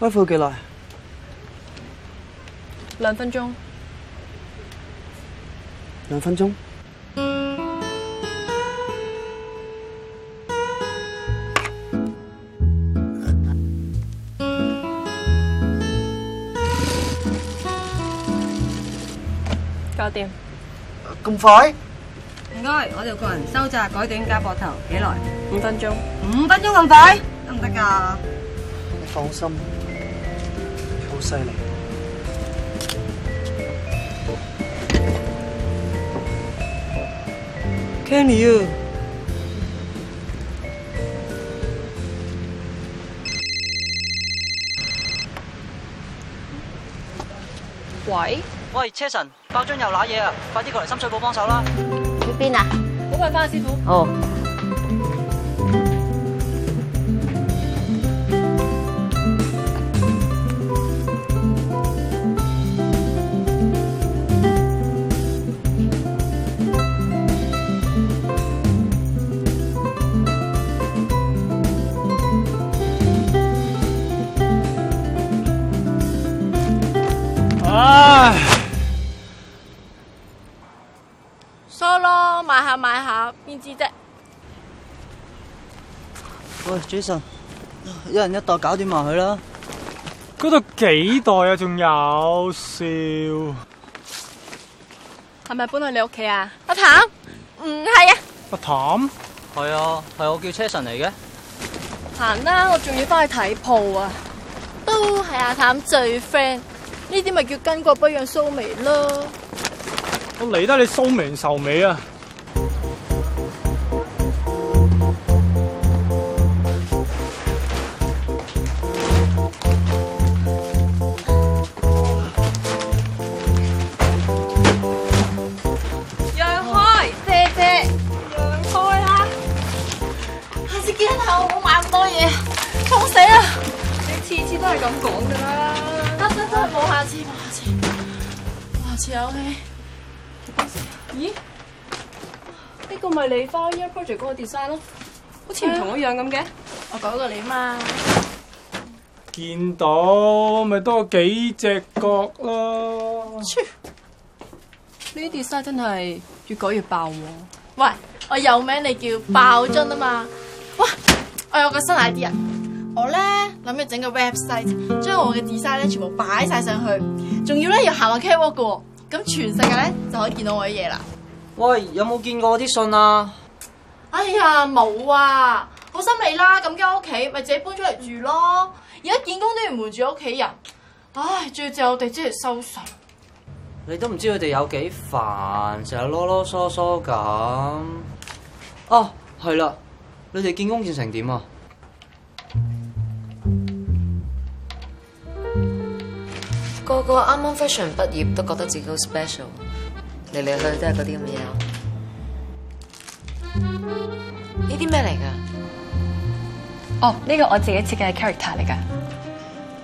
開庫幾耐？兩分鐘，兩分鐘。搞掂，咁快。唔該，我哋個人收窄，改短加膊頭幾耐？五分鐘。五分鐘咁快，得唔得㗎？你放心。得嚟，得嚟 Can 喂。Can you？喂喂，車神，爆樽又揦嘢啊！快啲過嚟深水埗幫手啦！去邊啊？好快翻去師傅。Oh. 唉，收咯，買下買下，邊知啫？喂，Jason，一人一袋搞，搞掂埋佢啦。嗰度幾袋啊？仲有笑？係咪搬去你屋企啊？阿譚，唔係啊。阿譚，係啊，係我叫車神嚟嘅。行啦，啊，我仲要翻去睇鋪啊。都係阿譚最 friend。呢啲咪叫巾幗不讓鬚眉咯！我理得你鬚眉愁眉啊！個 design 咯，好似唔同樣 Yeah. 我樣咁嘅。我改過你啊嘛，見到咪多幾隻角咯。呢啲 design 真係越改越爆喎、啊！喂，我有名，你叫爆樽啊嘛！哇，我有個新 idea，我咧諗住整個 website，將我嘅 design 咧全部擺晒上去，仲要咧要行埋 catwalk 嘅，咁全世界咧就可以見到我啲嘢啦。喂，有冇見過我啲信啊？哎呀，冇啊！好心理啦，咁間屋企，咪自己搬出嚟住咯。而家見工都要瞞住屋企人，唉，最正我哋即係收拾、啊。你都唔知佢哋有幾煩，成日囉囉嗦嗦咁。哦，係啦，你哋見工見成點啊？個個啱啱 fashion 完畢業，都覺得自己好 special，嚟嚟去都係嗰啲咁嘅嘢呢啲咩嚟噶？哦，呢個、oh, 我自己設計嘅 character 嚟噶。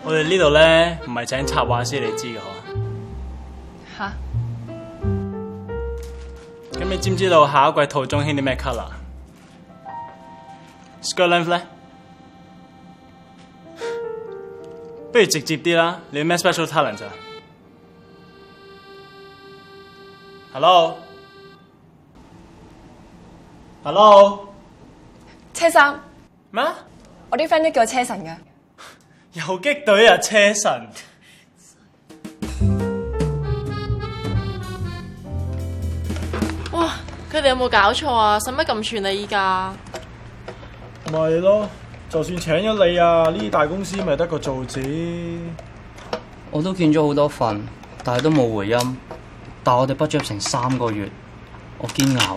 我哋呢度咧唔係請插畫師，你知嘅嗬。吓？咁哈你知唔知道下一季套中興啲咩 color？Skull and Flap 咧？ 不如直接啲啦，你有咩 special talent 啫？Hello。Hello，車生咩？我啲 friend 都叫我車神嘅。遊擊隊啊，車神！哇！佢哋有冇搞錯啊？使乜咁串啊？依家，咪咯，就算請咗你啊，呢啲大公司咪得個做字。我都見咗好多份，但係都冇回音。但係我哋畢咗業成三個月，我堅熬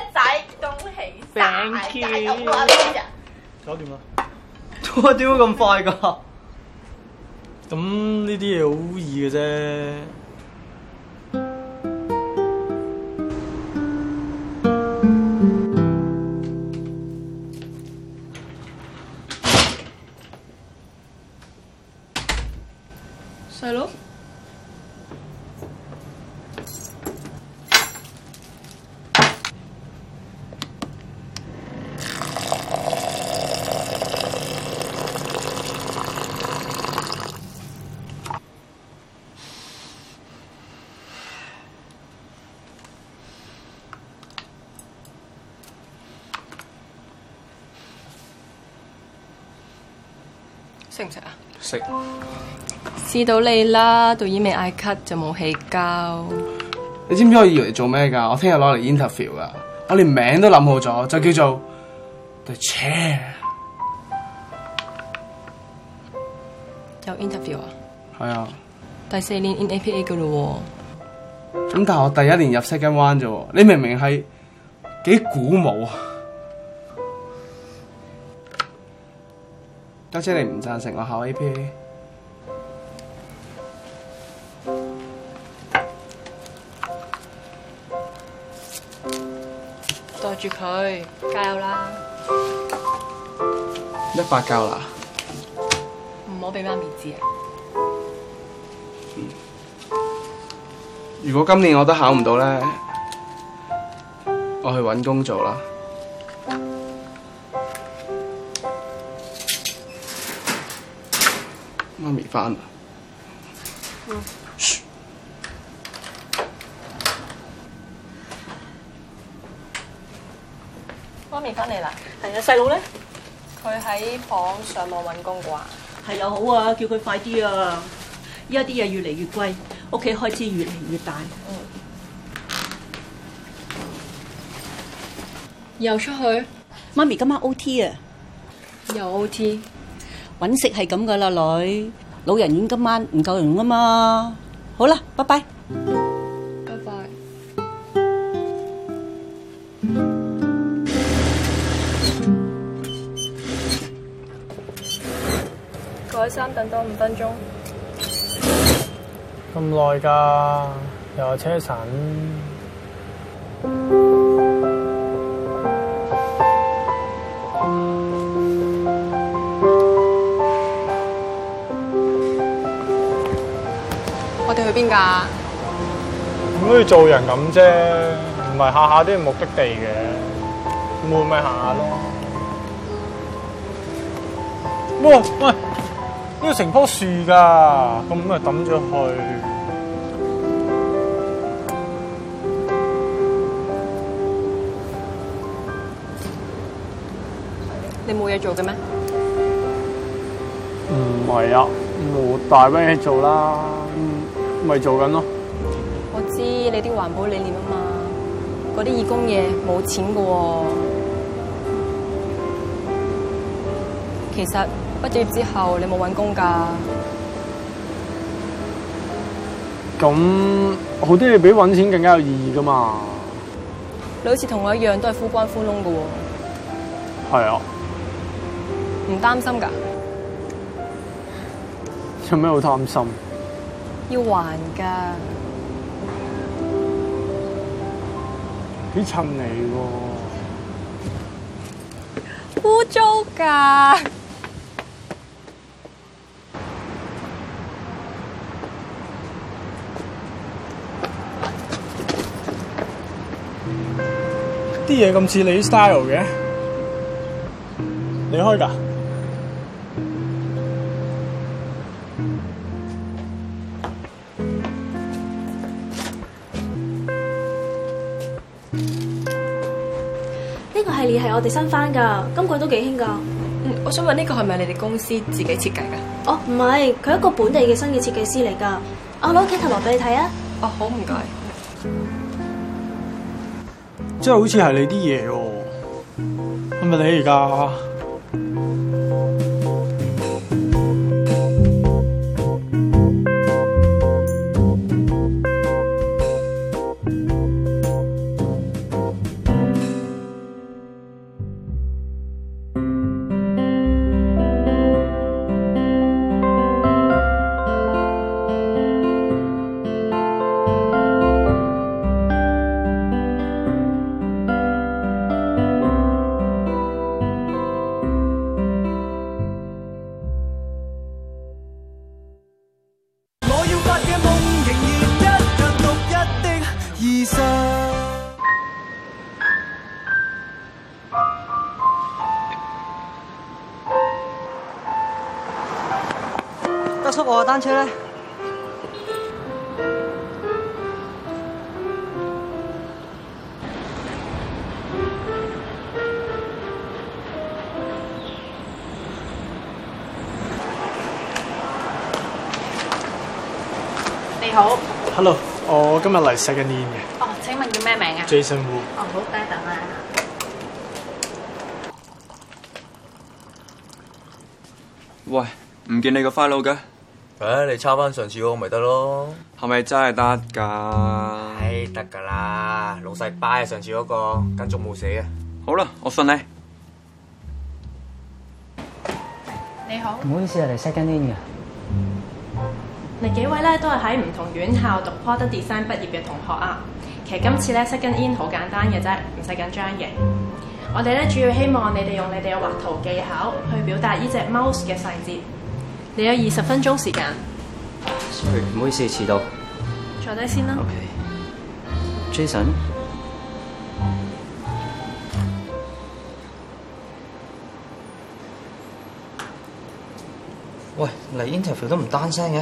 thank you， 搞掂啦，點解咁快㗎？咁呢啲嘢好易嘅啫。食唔食啊？食，試到你啦！導演未嗌 cut 就冇氣交。你知唔知我要嚟做咩噶？我聽日攞嚟 interview 噶，我連名都諗好咗，就叫做 The Chair。有 interview 啊？係啊。第四年 in APA 噶咯喎。咁但係我第一年入 Seven One 啫，你明明係幾鼓舞啊！家姐你唔贊成我考 AP？袋住佢，加油啦！一發夠啦！唔好俾媽咪知啊、嗯！如果今年我都考唔到呢，我去搵工做啦。翻啦。嗯。噓。媽咪返嚟啦。係啊，細佬咧？佢喺房上網搵工啩？係又好啊，叫佢快啲啊！依家啲嘢越嚟越貴，屋企開支越嚟越大。嗯。又出去？媽咪今晚 OT 啊？又 OT？搵食係咁噶啦，女。老人院今晚唔夠用㗎嘛，好啦，拜拜。拜拜。改三，等多五分鐘。咁耐㗎，又係車神。邊架咁都要做人咁啫，唔係下下都係目的地嘅，咁咪行下咯。哇！喂，呢個成棵樹㗎，咁咪抌咗去。你冇嘢做嘅咩？唔係啊，我大温嘢做啦。咪做緊咯！我知你啲環保理念啊嘛，嗰啲義工嘢冇錢噶喎。其實畢業之後你冇揾工噶。咁好啲你比揾錢更加有意義噶嘛？你好似同我一樣都係呼關呼窿噶喎。係啊，唔擔心噶。有咩好擔心？要還㗎，幾襯你喎。污糟㗎，啲嘢咁似你 style 嘅，你開㗎。係我哋新返噶，今季都幾興噶。嗯，我想問呢、這個係咪你哋公司自己設計噶？哦，唔係，佢一個本地嘅新嘅設計師嚟噶。我攞屋企頭羅俾你睇啊。哦，好，唔該。即係 好似係你啲嘢喎，係咪你而家？我單車咧。你好，Hello，我今日嚟世間念嘅。哦，請問叫咩名啊？Jason Wu。哦，好，稍等下。喂，唔見你個 file 㗎？誒、欸，你抄翻上次嗰個咪得咯？係咪真係得噶？誒，得噶啦，老細拜啊！上次嗰個，跟足冇死啊。好啦，我信你。你好，唔好意思啊，你 check in 嘅。你幾位咧都係喺唔同院校讀 product design 畢業嘅同學啊。其實今次咧 check in 好簡單嘅啫，唔使緊張嘅。我哋咧主要希望你哋用你哋嘅畫圖技巧去表達呢隻 mouse 嘅細節。你有二十分鐘時間，sorry，唔好意思遲到，坐低先啦。OK。Jason，喂，嚟 interview 都唔單聲嘅，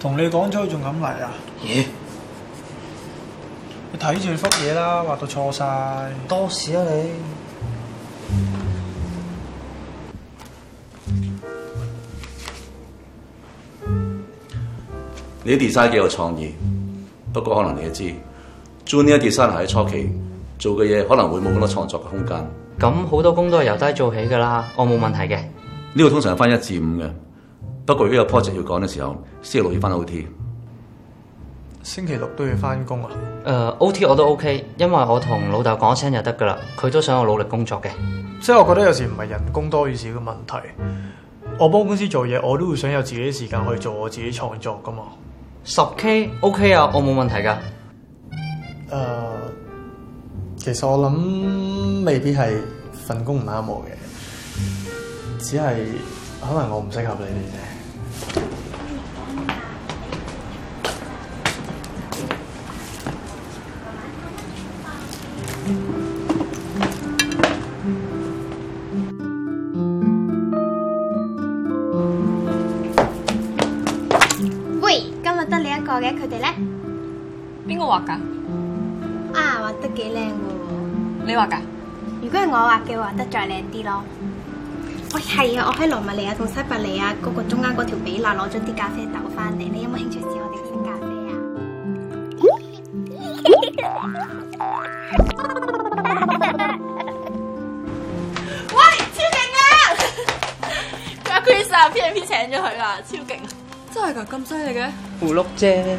同你講咗仲敢嚟啊？咦，Yeah? 你睇住幅嘢啦，畫到錯晒，多事啊你！你 design 幾有創意，不過可能你都知，做呢一 design 喺初期做嘅嘢可能會冇咁多創作嘅空間。咁好、嗯、多工都係由低做起㗎啦，我冇問題嘅。呢個通常係翻一至五嘅，不過如果有 project 要趕嘅時候，星期六要翻 O T。星期六都要翻工啊？誒 O T 我都 OK，因為我同老豆講聲就得㗎啦，佢都想我努力工作嘅。即係我覺得有時唔係人工多與少嘅問題，我幫公司做嘢，我都會想有自己時間去做我自己創作㗎嘛。十 K OK 啊，我冇問題㗎。誒，其實我諗未必係份工唔啱我嘅，只係可能我唔適合你哋啫。得幾靚噶？你畫噶？如果係我畫嘅話，得再靚啲咯。喂、哎，係啊，我喺羅馬尼亞同西伯利亞嗰個中間嗰條比那攞咗啲咖啡豆翻嚟，你有冇興趣試我哋啲咖啡啊？喂，超勁 啊！Grace 阿啊，P a P 請咗佢啊！超勁！真係噶，咁犀利嘅？胡碌姐。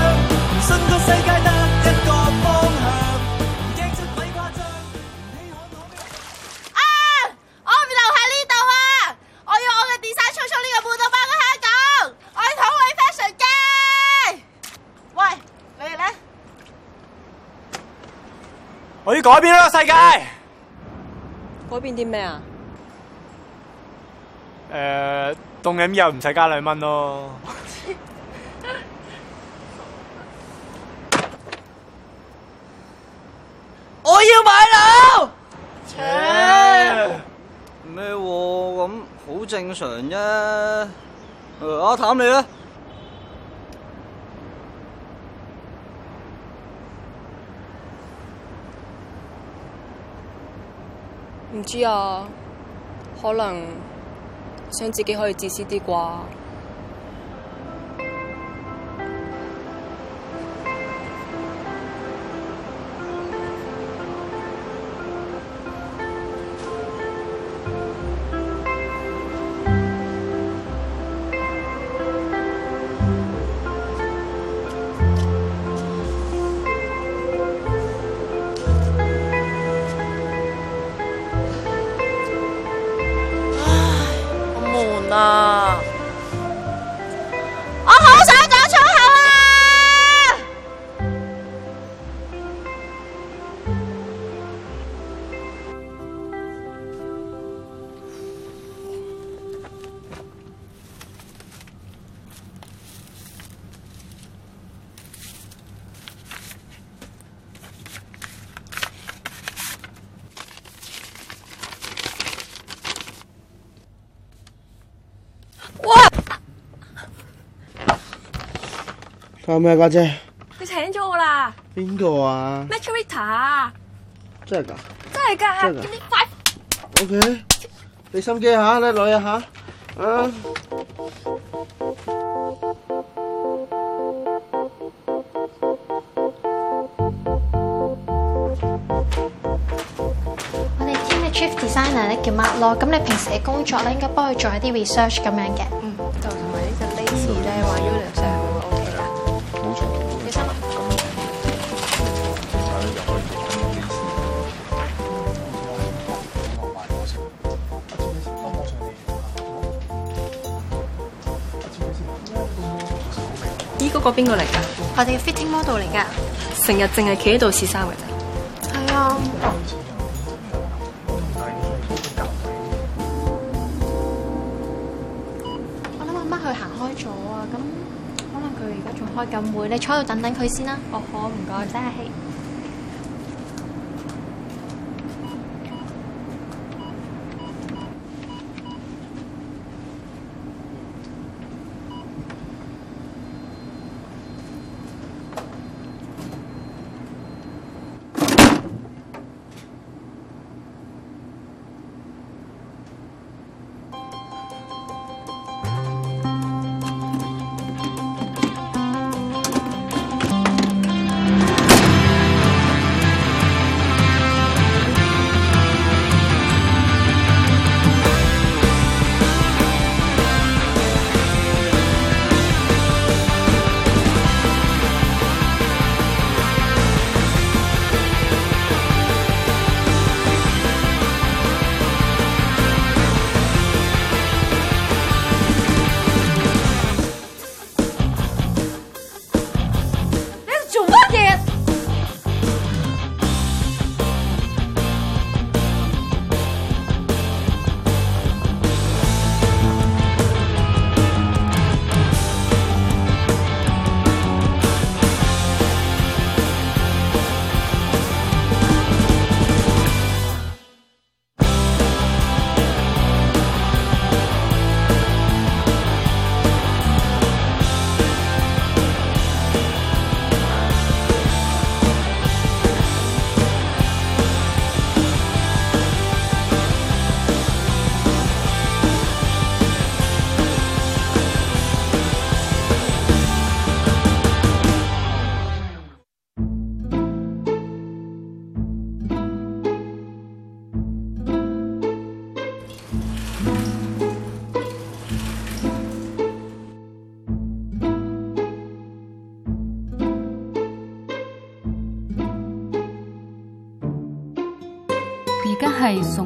我要改變呢個世界，改變啲咩啊？誒，凍飲又唔使加兩蚊咯。我要買樓，唓，咩喎？咁好正常啫。阿談你啦。唔知啊，可能想自己可以自私啲啩。係咪啊，家姐？你請咗我啦。邊個啊？Machrita。真係噶？真係噶。OK。你心機下，你攞一下。嗯。我哋 team 嘅 chief designer 咧叫乜咯？咁你平時嘅工作咧應該幫佢做一啲 research 咁樣嘅。嗯，對。我邊個嚟㗎？我哋嘅 fitting model 嚟㗎，成日淨係企喺度試衫㗎啫。係啊，嗯嗯、我諗阿乜佢行開咗啊，咁可能佢而家仲開緊會，你坐度等等佢先啦。哦，oh，好唔該晒阿希。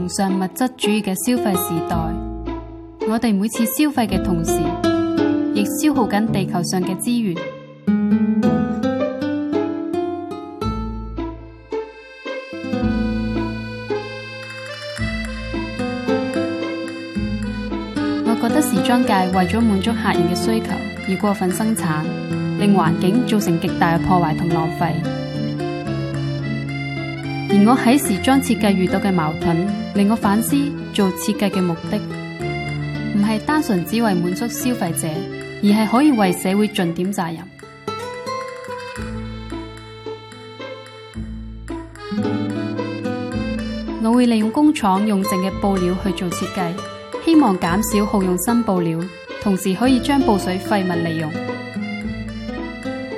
崇上物質主義嘅消費時代，我哋每次消費嘅同時，亦消耗緊地球上嘅資源。 我覺得時裝界為咗滿足客人嘅需求而過分生產，令環境造成極大嘅破壞同浪費。而我喺時裝設計遇到嘅矛盾，令我反思做設計嘅目的，唔係單純只為滿足消費者，而係可以為社會盡點責任。我會利用工廠用剩嘅布料去做設計，希望減少耗用新布料，同時可以將布碎廢物利用。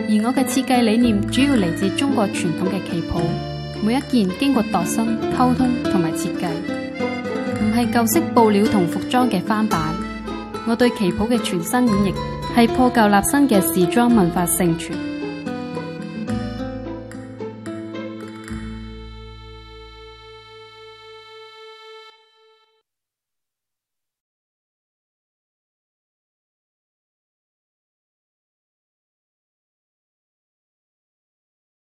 而我嘅設計理念主要嚟自中國傳統嘅旗袍。每一件經過度身溝通同埋設計，唔係舊式布料同服裝嘅翻版。我對旗袍嘅全新演繹，係破舊立新嘅時裝文化承傳。